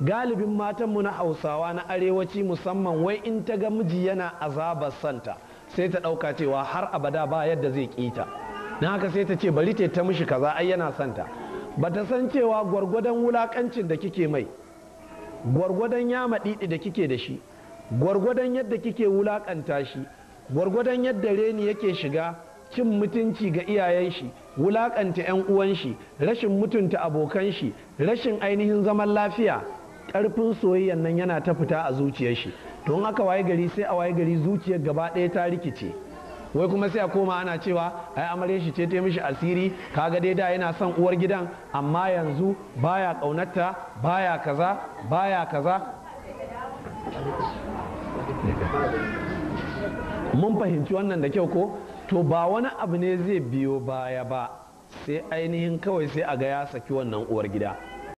galibin matan mu na hausawa na arewaci musamman wai in ta ga miji yana azabar santa sai ta ɗauka cewa har abada ba yadda zai ƙita na haka sai ta ce bari ta ta mishi kaza ai yana santa ba ta san cewa gwargwadon wulakancin da kike mai gwargwadon ya maɗiɗi da kike da shi gwargwadon yadda kike wulakanta shi gwargwadon yadda reni yake shiga cin mutunci ga iyayen shi wulakanta 'yan uwan shi rashin mutunta abokan shi rashin ainihin zaman lafiya karfin soyayyan nan yana ta fita a zuciyar shi to in aka waye gari sai a waye gari zuciyar gaba ɗaya ta rikice wai kuma sai a koma ana cewa ai amare shi ce ta mishi asiri kaga dai da yana son uwar gidan amma yanzu baya kaunarta baya kaza baya kaza mun fahimci wannan da kyau ko to ba wani abu ne zai biyo baya ba sai ainihin kawai sai a ga ya saki wannan uwar gida